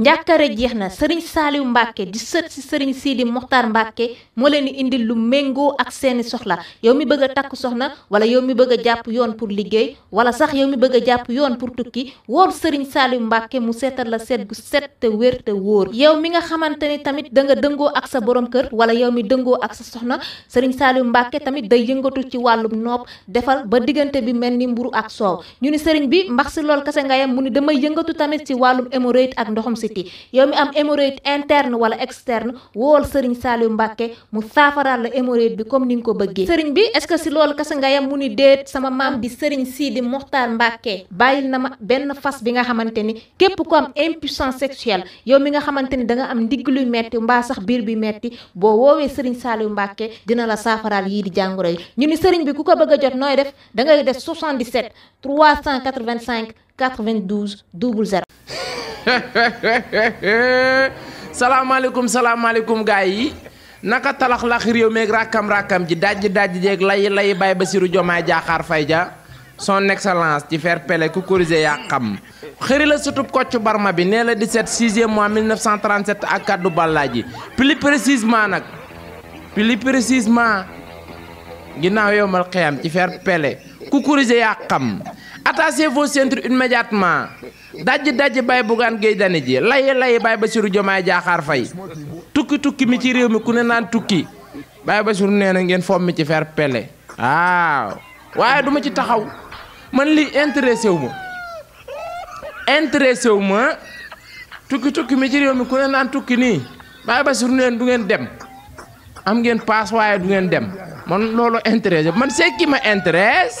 njàkkare jeex na sëriñ saaliw mbàkke di sët si sëriñ siidi moxtaar mbàkke moo leen di indil lu méngoo ak seeni soxla yow mi bëgg a takk soxna wala yow mi bëgg a jàpp yoon pour liggéey wala sax yow mi bëgg a jàpp yoon pour tukki wool sëriñ saaliw mbàkke mu seetal la seet gu wér te wóor yow mi nga xamante ni tamit da nga dëngoo ak sa borom kër wala yow mi dëngoo ak soxna sëriñ saaliw mbàkke tamit day yëngatu ci wàllum nopp defal ba diggante bi mel ni mburu ak soow ñu ni sëriñ bi mbax si lool kase nga yam mu ni damay yëngatu tamit ci wàllum hémorroïde ak ndoxum si métti yow mi am hémorroïde interne wala externe wool sëriñ Saliou Mbacke mu saafaraal la hémorroïde bi comme ni nga ko bëggee sëriñ bi est-ce que si loolu kese nga yam mu ni déet sama maam di sëriñ Sidi Mokhtar Mbacke bàyyil na ma benn fas bi nga xamante ni képp ko am impuissance sexuelle yow mi nga xamante ni da nga am ndigg luy metti mbaa sax biir bi metti boo woowee sëriñ Saliou Mbacke dina la saafaraal yii di jàngoro yi ñu ni sëriñ bi ku ko bëgg a jot nooy def da ngay def 77 cinq 92 00 salamualaikum, salaamaaleykum naka talakh lax réew rakam-rakam, rakam ji dajj dajj jek lay lay bay Bassirou Diomaye Diakhar son excellence ci faire pele ku corrigé yakam xam la sutup koccu barma bi nee 17 6e mois 1937 ak kaddu balaji plus précisément nak plus précisément ginaaw yowmal qiyam ci faire pele ku corrigé yakam attachez vos ceinture immédiatement dajj dajj bay gan geey dani ji lay lay bay Bassirou jomay jaxar fay tukki tukki mi ci réew mi ku ne nan tukki bay Bassirou nee na ngeen fomm ci fer pelé waaw waye duma ci taxaw man li intéressé wu intéressé wu tukki tukki mi ci réew mi ku ne nan tukki ni bay Bassirou neen du ngeen dem am ngeen pass waye du ngeen dem man lolo intéressé man c'est qui m'intéresse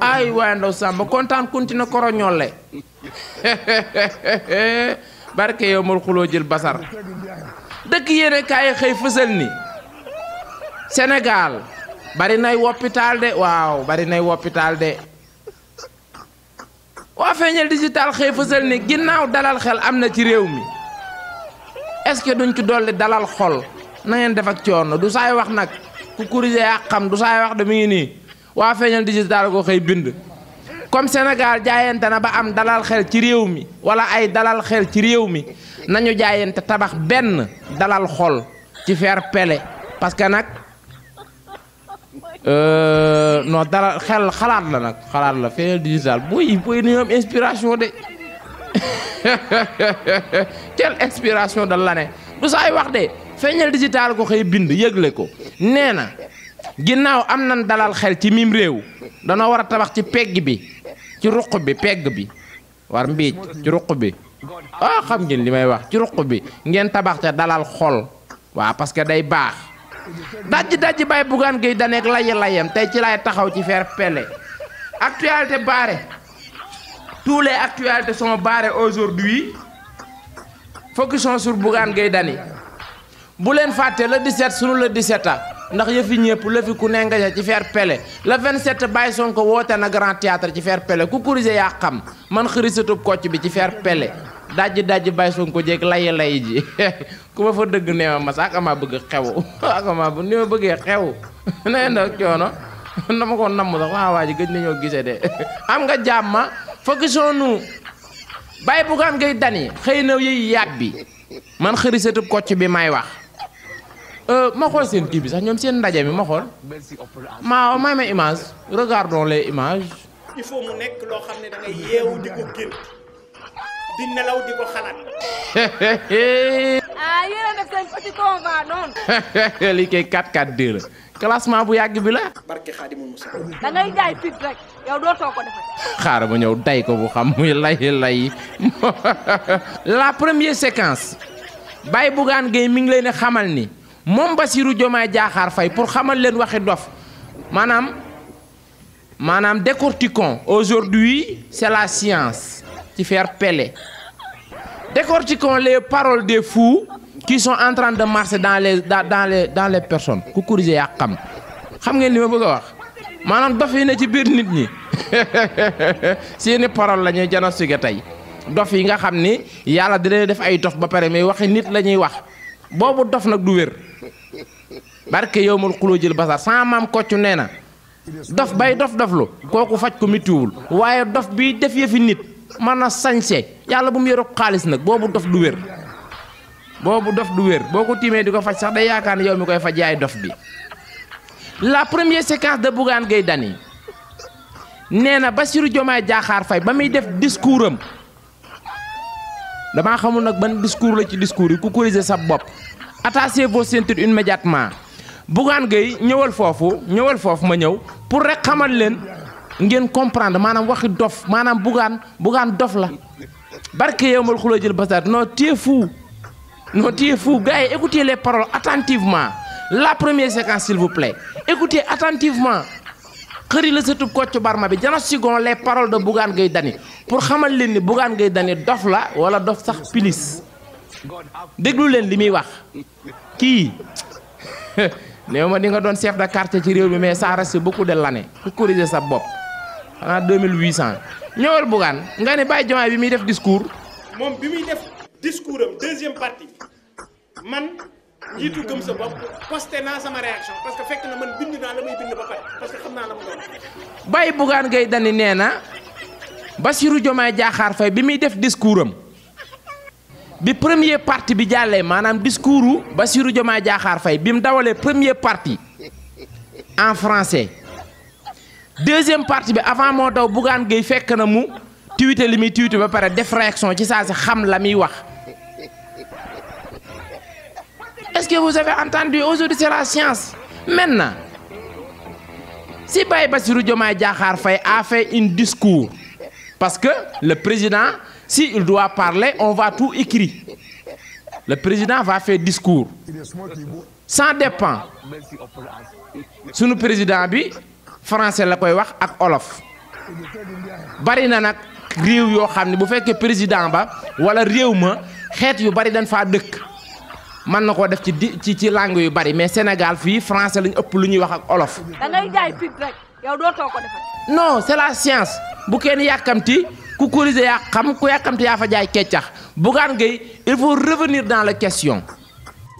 ay waaye ndaw Samba kontaan continue koroñole barke yow xuloo jël basar dëkk yéene kaay xëy fësal ni Sénégal bari nay woppitaal de waaw bari nay woppitaal de waa feeñal digital xëy fësal ni ginnaaw dalal xel am na ci réew mi est-ce que duñ ci dolli dalal xol nangeen def ak coono du saay wax nag ku kurise yàqam du saay wax de mi ngi nii waa feeñal digital ko xëy bind comme Sénégal jaayante na ba am dalal xel ci réew mi wala ay dalal xel ci réew mi nañu jaayante tabax benn dalal xol ci faire pele parce que nag euh, non dalal xel xalaat la nag xalaat la feeñal digital buy booy nañu am inspiration de quelle inspiration de l'année du saay wax de feeñal digital ko xëy bind yëgle ko nee na ginnaw am nan dalal xel ci mim rew da war wara tabax ci pegg bi ci ruq bi pegg bi war mbiic ci ah xam ngeen limay wax ci ruq bi ngeen tabax ta dalal xol wa parce que day bax dajj dajj bay bugan gay daneeg lay layam tay ci lay taxaw ci fer pele actualité barré tous les actualités sont barrées aujourd'hui on sur bugan gay dani bu len faté le 17 sunu le 17 ndax yëfi ñëpp la fi ku ne nga ca ci fer pele le 27 Baye Sonko woote na grand théâtre ci fer pele ku kurise yaa xam man xërisatub kocc bi ci fer pele daj dajji Baye Sonko jeeg layi layi ji ku ma fa dëgg nee ma mas maa bëgg xew akama bu ni ma bëggee xew nee na coono dama ko namm sax waa waa ji gëj nañoo gise de am nga jàmm soo soonu Baye Bougane Gueye Dany xëy na yëy yaab bi man xërisatub kocc bi may wax Euh, ma xool seen kii peu. sax ñoom ndaje mi ma may image regardons les images. il faut mu tu loo xam ne da ngay di nelaw ah un def petit combat 4-4-2 la classement bu bi la. barke es un da ngay jaay rek yow ma Tu ko bu xam muy lay lay la première séquence Bay Bougan, gaming, mi ngi moom Bassirou Diomaye Diakhar pour xamal len waxi dof manam manam décortiquons aujourd'hui c'est la science qui fait peler décortiquons les paroles des fous qui sont en train de marcher dans les dans les dans les personnes les personnes. yaa xam xam ngeen li ma bëgg wax manam dof yi ne ci bir nit ñi seeni parole la ñuy jana suge tay dof yi nga xam ni yàlla dina def ay dof ba paré mais waxi nit lañuy wax bobu dof nak du wër barke yow khulujil basar sama maam kocc dof bay dof lo koku fajj ko mituwul waye dof bi def yefi nit mana sanse yalla bu mu yorub xaalis nak bobu dof du wer bobu dof du wer boko timé diko fajj sax day yakane koy fajj yaay dof bi la première séquence de Bougane gay dani neena na Bassirou jaxar fay bamuy def discoursam dama xamul nak ban discours la ci discours yi ku corriger sa bop attachez vos ceintures immédiatement Bougane gay, ñëwal fofu, ñëwal fofu ma ñëw pour rek xamal leen ngeen comprendre manam waxi dof manam bougan, bougan dof la barke yow mal xuloo jël basaat non tu fou non tie fou gars écoutez les paroles attentivement la première séquence s'il vous plaît écoutez attentivement xëri le satub kocc barma bi jana sigon les paroles de Bougane gay dani. pour xamal leen ni Bougane Gueye Dany dof la wala dof sax pilis deglu len limi wax ki neuma ni nga don chef de quartier ci rew bi mais ça reste beaucoup de l'année pour corriger sa bop xanaa 2800 ñëwal Bougane nga ne bàyyi Diomaye bi mi def discours. mom bi mi def discours am deuxième partie man njiitu gëm sa bop posté na sama réaction parce que fekk na man bind na lamay bind ba pare parce que xamna naa la mu doon. bàyyi Bougane Gueye Dany nee na Bassirou Diomaye bi mi def discours bi premier parti bi jàllee manam discoursu Basirou Diomaye Diakhar Faye bi mu la premier partie en français deuxième partie, bi avant mo daw Bougane Gueye fekk na mu tiwite limi muy ba pare def réaction ci sa si xam la wax est-ce que vous avez entendu aujourd'hui c'est la science maintenant si Baye basirou Diomaye Diakhar Faye a fait un discours parce que le président s'il doit parler, on va tout écrire. Le président va faire discours. Ça dépend. le président bi français la koy wax ak olof. Bari na président ba wala ma yu bari dañ fa deuk man nako def ci ci langue yu bari mais Sénégal français non c'est la science bu kenn ku cotiser yaa xam ku yàkkamti yaa fa jaay keccax Bougane Gueye il faut revenir dans la question.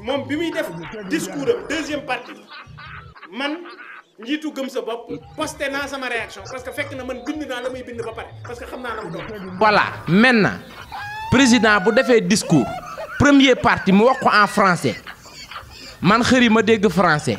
moom bi muy def discours deuxième partie man njiitu gëm sa bopp posté naa sama réaction parce que fekk na man bind naa la muy bind ba pare parce que xam naa la mu doon. voilà maintenant président bu defee discours premier partie mu wax ko en français man xëri ma dégg français.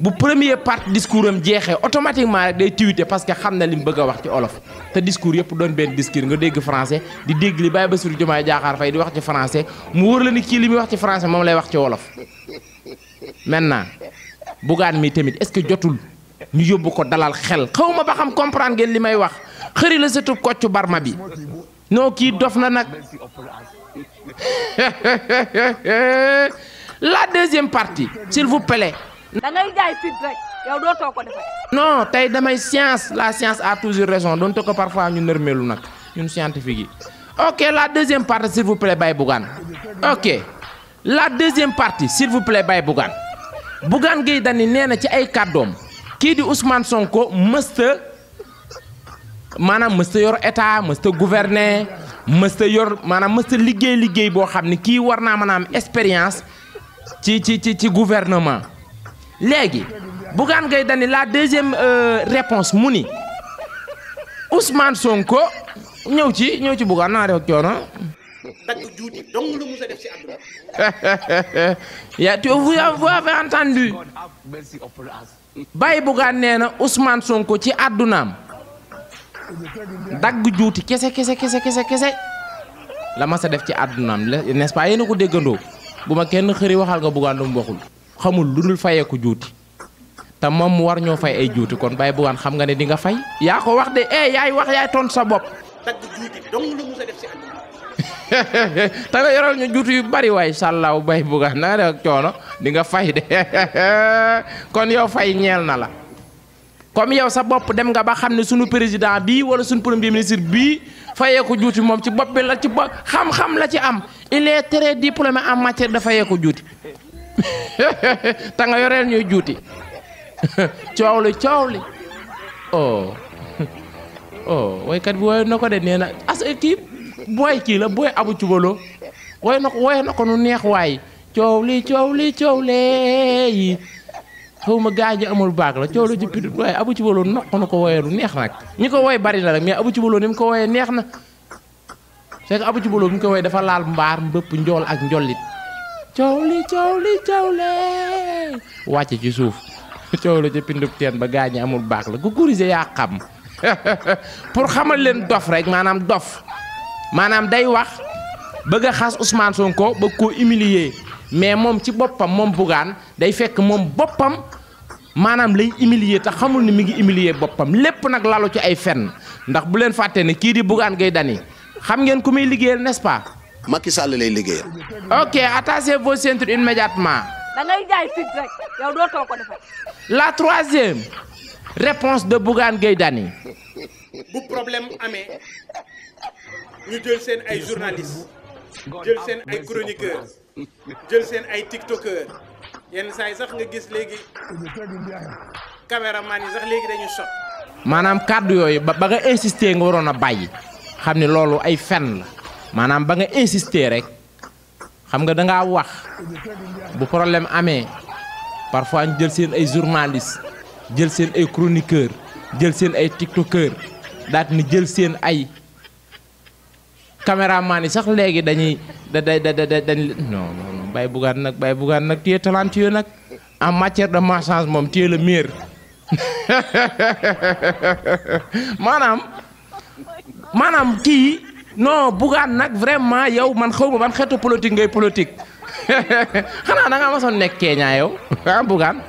bu premier partie discours am jeexee automatiquement rek day tiwite parce que xamna lim bëgg wax ci olof té discours yépp doon benn discours nga dégg français di dégg li Baye Bassirou Diomaye jaakar fay di wax ci français mu wër la ni ki limi wax ci français mom lay wax ci wolof. maintenant bugaan mi tamit est-ce que jotul ñu yóbbu ko dalal xel xawma ba xam comprendre ngeen limay wax xëri la sëtub koccu barma bi non ki dof na nak la deuxième partie s'il vous plaît. da ngay jaay fit rek non tey damay science la science à toujours raison donte ko parfois ñu nërmeelu nag ñun scientifique yi ok la deuxième partie s'il vous plaît Baye Bougane ok la deuxième partie s'il vous plaît Baye Bougane Bougane Gueye Dany nee na ci ay kàddoom kii di Ousmane Sonko mësta maanaam mësta yor état mësta gouverner mësta yor maanaam mësta liggéey liggéey boo xam ni kii war naa manaam a am ci ci ci ci gouvernement. léegi Bougane Gueye la deuxième euh, réponse mu Ousmane Sonko ñëw ci ñëw ci Bougane naa def coono. juuti a def si àdduna. tu vous avez entendu Bye Bougane nee Ousmane Sonko ci àddunaam dagg juuti kese kese kese kese kese la masse a def ci n'est-ce pas yéen a ko déggandoo bu ma kenn xëri waxal nga Bougane lu mu xamul lulul dul fayeeku juuti ta mom mu war ño fay ay juuti kon bay bu wan xam nga ne di nga fay. ya ko wax de eh yaay wax yaay ton sa bop dagg juuti dong lu sa def si ta nga yoral ñu juuti yu bari way sallaw bay bu ga na rek ciono di nga fay de kon yow fay ñeel na la. comme yow sa bop dem nga ba xamne ne sunu président bii wala suñu premier ministre bii ko juuti mom ci bop bi la ci xam-xam la ci am il est très diplômé en matière de ko juuti. ta nga yoreel ñuy juuti coow li oh oh waykat bi woyoon na ko de nee na as équipe booy kii la booy abu cubaloo woy na ko woy na ko nu neex waay coow li coow yi xaw ma gaañu amul baag la coow ci pidut waaye abu cubaloo noq na ko woyee lu neex nag ñi ko woy bari na rek mais abu cubaloo ni mu ko woyee neex na c'est que abu cubaloo mu ko woy dafa laal mbaar mbëpp njool ak njollit coow li coow li coow le wàcce ci suuf coow la ca pindub teen ba gaañ amul baax la ku kurise yaa xam pour xamal leen dof rek maanaam dof maanaam day wax bëgg a xas Ousmane ko bëgg koo humilier mais moom ci boppam moom bugaan day fekk moom boppam maanaam lay humilier te xamul ni mi ngi humilier boppam lépp nag lalu ci ay fenn ndax bu leen fàtte ne kii di bugaan gay dani xam ngeen ku muy liggéeyal nest Macky Sall lay liggéeyal. ok attachez vos ceintures immédiatement. da ngay jay fit rek yow do ko defal. la troisième réponse de Bougane Gueydani bu problème amé ñu jël sen ay journalistes jël sen ay chroniqueurs jël sen ay tiktokers yenn say sax nga gis légui caméraman yi sax légui dañu shot manam kàddu yoy ba nga insister nga warona bayyi xamni lolu ay fen la. maanaam ba nga insister rek xam nga dangaa wax bu problème amee parfois ñu jël seen ay journaliste jël seen ay chroniqueur jël seen ay tiktokeur daat ni jël seen ay caméraman yi sax léegi dañuy da da da da dañ non non non Baye nag Baye Bougane nag tu es nag en matière de marchandise moom tu es le maanaam maanaam kii non Bougane nag vraiment yow man xaw ma ban xeetu politique ngay politique xanaa da ngaa ma soon nekk Kenya yow ah Bougane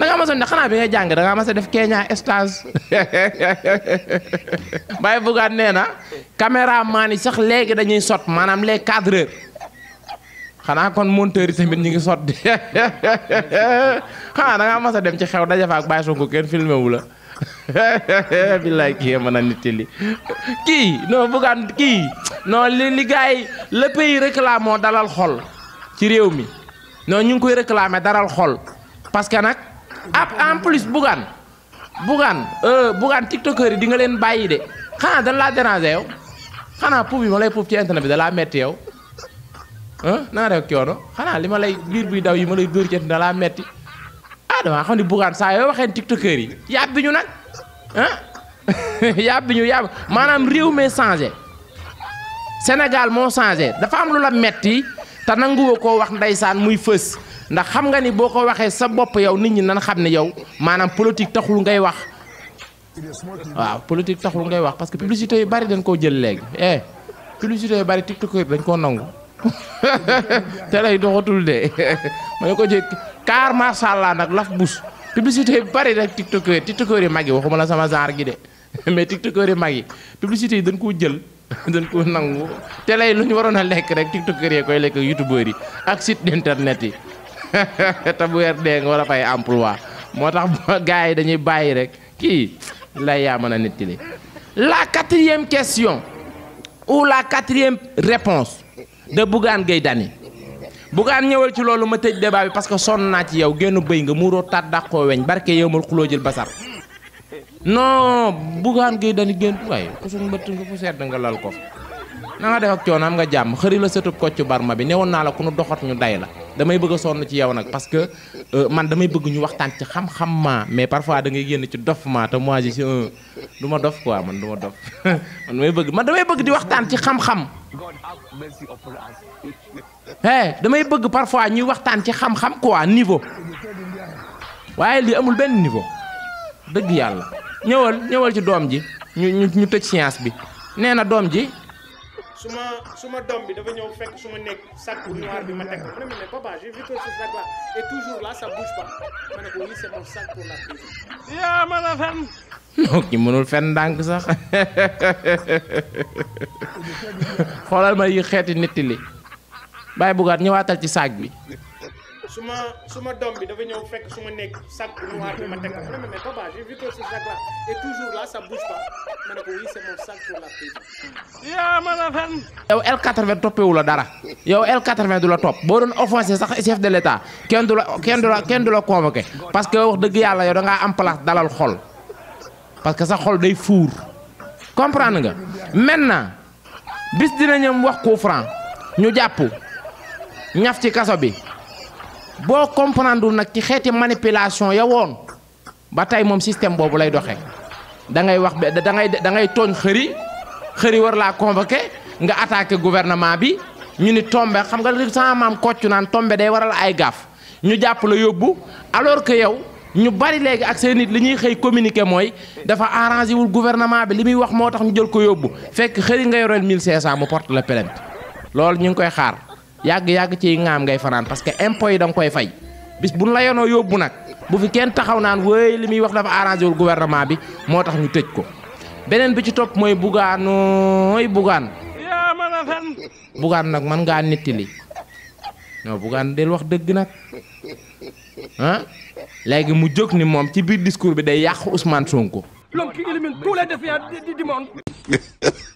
da ngaa ma ne xanaa bi ngay jàng da ngaa ma soon def Kenya stage Baye Bougane nee na caméraman yi sax léegi dañuy sot maanaam les cadreurs xanaa kon monteur yi tamit ñu ngi sot xanaa da ngaa ma soon dem ci xew daje fa ak Baye kenn filmé la. billaay kii mën a nettali kii non bugaan kii non li li gars yi le pays dalal xol ci réew mi non ñu ngi koy réclamer dalal xol parce que nag en plus bugaan bugaan euh, bugaan tiktokeur yi di nga leen bàyyi de xanaa da laa déranger xanaa puub yi ma lay puub ci bi da laa metti yow ah naa def xanaa li ma lay biir buy daw yi ma lay dóor ci internet da laa dama xam ne bugan sa yo waxee tiktoker yi yàbbi biñu nak ah yàbbi biñu yàbbi manam rew me changer senegal mo changer dafa am lu la metti ta nanguwoo ko wax ndaysan muy feus ndax xam nga ni boko waxe sa bop yow nit ñi nan xam ne yow manam politique taxul ngay wax wa politique taxul ngay wax parce que publicité yu bari dañ ko jël leg eh publicité yu bari tiktoker dañ ko nangu te lay doxatul de ma ne ko jëkk Karma salah nak laf bus publicité bari rek tiktoker tiktoker magi waxuma la sama genre gi de mais tiktoker magi publicité dañ ko jël dañ ko nangu té lay luñu warona lek rek tiktoker ye koy lek youtubeur yi ak site internet yi ta bu weer dee nga fay emploi motax gaay dañuy rek ki la ya mana la quatrième question ou la quatrième réponse de Bougane Gueye Dani bukan ñewal ci lolu ma tejj débat bi parce que son na ci yow gennu beuy nga muuroo taat dàqoo weñ barké yowul xulo jël basar non bukan gey dañu genn way ko suñ mbëtt nga fu sét nga lal ko na nga def ak cionam nga jàmm xëri la ko ci barma bi newoon na la ku nu doxat ñu day la damay bëgg son ci yow nak parce que euh, man damay bëgg ñu waxtaan ci xam-xam ma mais parfois da ngay genn ci dof ma te moi je suis un duma dof quoi man duma dof man damay bëgg man damay bëgg di waxtaan ci xam-xam hey damay bëgg parfois ñuy waxtaan ci xam-xam quoi niveau waaye li amul benn niveau dëgg yàlla ñëwal ñëwal ci doom ji ñu ñu ñu tëj science bi nee na doom ji suma suma dom bi dafa ñëw fekk suma nek sac noir bi ma tek ko ne mais papa j'ai vu que ce sac là est toujours là ça bouge pas mané ko oui c'est mon sac pour la prison ya mën a fen non ki mënul fen dank sax xolal ma yi xéti nitili bàyyi bugat ñewatal ci saag bi suma suma dom bi dafa ñew fekk suma nek sac bu noir bi ma teg ko mais papa j'ai vu que ce sac là est toujours là ça bouge pas ma ne ko oui c'est mon sac pour la paix ya ma la fen yow L80 toppewu la dara yow L80 du la top bo doon offenser sax chef de l'état kenn du la kenn du la kenn du la convoquer parce que wax deug yalla yow da nga am place dalal xol parce que sa xol day four comprendre nga maintenant bis dinañum wax ko franc ñu jappu ñaf ci kaso bi boo comprendre nag ci xeeti manipulation ya woon ba tey moom système boobu lay doxee da ngay wax da ngay da ngay tooñ xëri xëri war laa convoqué nga attaqué gouvernement bi ñu ni tombe xam nga li sama maam kocc naan tombe day waral ay gaaf ñu jàpp la yóbbu alors que yow ñu bari léegi ak seen nit li ñuy xëy communiqué mooy dafa arrangé wul gouvernement bi li muy wax moo tax ñu jël ko yóbbu fekk xëri nga yoreel 1500 mu porte la plainte loolu ñu ngi koy xaar. yàgg-yàgg ci ŋaam ngay fanaan parce que impôt yi da nga koy fay bis bu ñu la yoonoo yóbbu nag bu fi kenn taxaw naan wéy li muy wax dafa arrangé wul gouvernement bi moo tax ñu tëj ko beneen bi ci topp mooy bugaanooy bugaan yaa bugaan nag man ngaa nettali non bugaan del wax dëgg nag ah léegi mu jóg ni moom ci biir discours bi day yàq Ousmane Sonko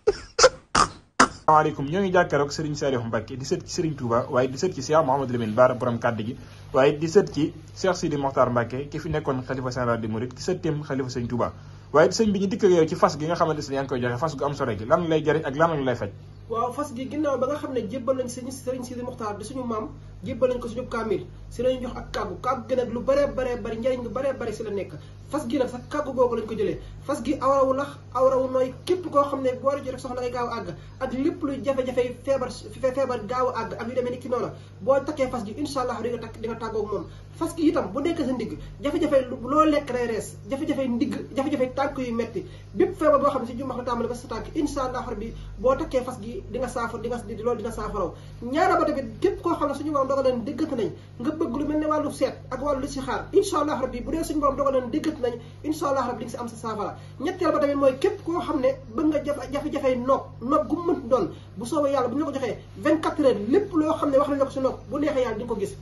asalaamaaleykum ñoo ngi jàkkaaroog Serigne Saliou Mbacké di sët ci Serigne Touba waaye di sët ci Cheikh Mouhamadou Lamine Bara borom gi waaye di sët ci Cheikh Sidi ki fi nekkoon xalifa général des mourides di sëtteem xalifa Serigne Touba waaye di sëñ bi ñu dikk yow ci fas gi nga xamante ne yaa ngi koy joxe fas gu am solo gi lan lay jariñ ak lan lay faj waaw fas gi ginnaaw ba nga xam ne jébbal nañ sëñ Serigne Sidi di suñu maam jébbal nañ ko suñu kamil si lañ jox ak kàggu kàggu gi lu bare bare bare ñariñ lu bare bare si la nekk fas gi nak sax kàggu googu lañ ko jëlé fas gi awrawu lax awrawu noy képp ko xamné ne boo rajo rek soxla ngay gaaw ag ak lépp luy jafe-jafe feebar feebar gaaw ag am yu démé ni ki noona bo takkee fas gi inshallah allah di nga takk di nga fas gi itam bu nekk sa ndig jafé jafé lo lek day res jafé jafé ndig jafé jafé tànk yu metti bëpp feebar bo xamné ci jumax la ba sa tànk inshallah rabbi boo fas gi di nga saafar di nga loolu dina saafaraw ñaara ba tamit képp ko xamné suñu borom dogal nañ nga bëgg lu mel ne wàllu seet ak wàllu listixaar incha allah rabbi bu dee suñu borom dogal nañ nañ incha allah li nga si am sa saafara ñetteel tamit mooy képp koo xam ne bëgg nga jafe-jafey noog noog gu mu doon bu soobee yàlla bu ñu la ko joxee 24 heures lépp loo xam ne wax nañ la ko si noog bu neexee yàlla di nga ko gis